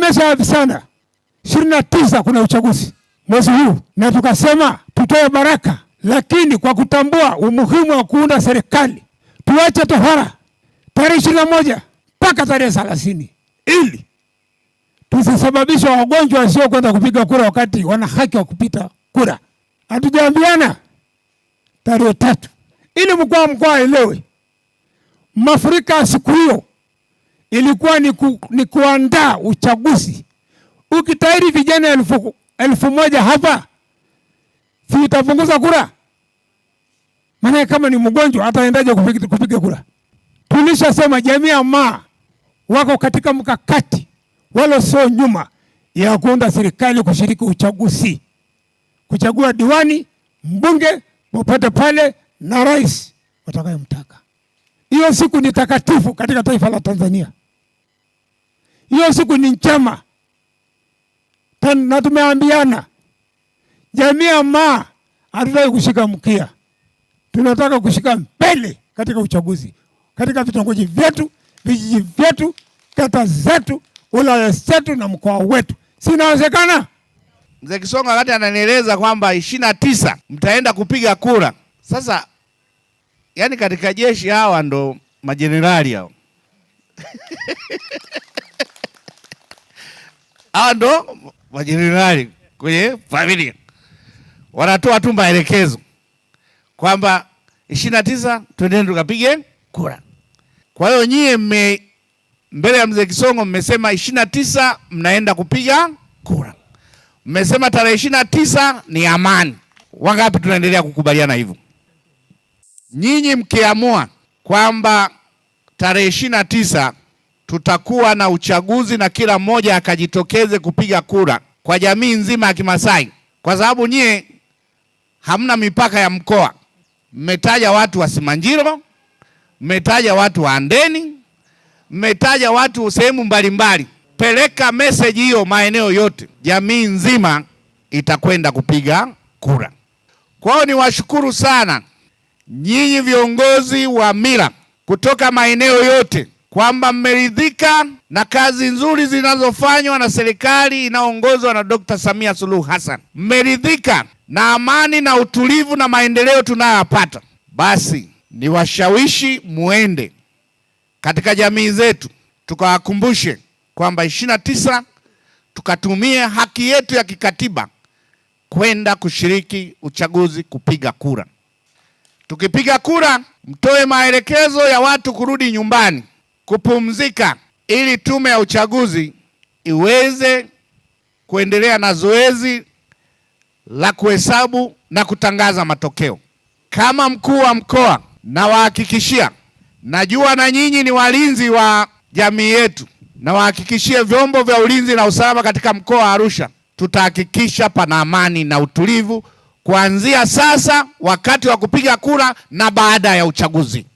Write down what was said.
tumeza sana ishirini na tisa kuna uchaguzi mwezi huu, na tukasema tutoe baraka, lakini kwa kutambua umuhimu wa kuunda serikali tuache tohara tarehe ishirini na moja mpaka tarehe thelathini ili tusisababishe wagonjwa wasiokwenda kupiga kura wakati wana haki wa kupita kura. Hatujaambiana tarehe tatu ili mkoa mkoa elewe mafurika siku hiyo ilikuwa ni, ku, ni kuandaa uchaguzi. Ukitairi vijana elfu, elfu moja hapa si utapunguza kura? Maana kama ni mgonjwa ataendaje kupiga, kupiga kura? Tulishasema jamii ma wako katika mkakati wala sio nyuma ya kuunda serikali kushiriki uchaguzi, kuchagua diwani, mbunge, popote pale na rais watakayemtaka. Hiyo siku ni takatifu katika taifa la Tanzania hiyo siku ni njema na tumeambiana jamii ama hatutaki kushika mkia, tunataka kushika mbele katika uchaguzi, katika vitongoji vyetu, vijiji vyetu, kata zetu, wilaya zetu na mkoa wetu. Sinawezekana. Mzee Kisonga wakati ananieleza kwamba ishirini na tisa mtaenda kupiga kura. Sasa yani katika jeshi hawa ndo majenerali hao Hawa ndo majenerali kwenye familia, wanatoa tu maelekezo kwamba ishirini na tisa twendeni tukapige kura. Kwa hiyo nyie mme mbele ya mzee Kisongo mmesema ishirini na tisa mnaenda kupiga kura, mmesema tarehe ishirini na tisa ni amani. Wangapi tunaendelea kukubaliana hivyo? Nyinyi mkiamua kwamba tarehe ishirini na tisa tutakuwa na uchaguzi na kila mmoja akajitokeze kupiga kura kwa jamii nzima ya Kimasai, kwa sababu nyie hamna mipaka ya mkoa. Mmetaja watu wa Simanjiro, mmetaja watu wa Andeni, mmetaja watu sehemu mbalimbali. Peleka meseji hiyo maeneo yote, jamii nzima itakwenda kupiga kura. Kwao ni washukuru sana nyinyi viongozi wa mila kutoka maeneo yote kwamba mmeridhika na kazi nzuri zinazofanywa na serikali inayoongozwa na Dr. Samia Suluhu Hassan, mmeridhika na amani na utulivu na maendeleo tunayoyapata, basi ni washawishi muende katika jamii zetu tukawakumbushe kwamba ishirini na tisa tukatumie haki yetu ya kikatiba kwenda kushiriki uchaguzi, kupiga kura. Tukipiga kura, mtoe maelekezo ya watu kurudi nyumbani kupumzika ili tume ya uchaguzi iweze kuendelea na zoezi la kuhesabu na kutangaza matokeo. Kama mkuu wa mkoa, nawahakikishia, najua na nyinyi ni walinzi wa jamii yetu, nawahakikishie vyombo vya ulinzi na usalama katika mkoa wa Arusha, tutahakikisha pana amani na utulivu kuanzia sasa, wakati wa kupiga kura na baada ya uchaguzi.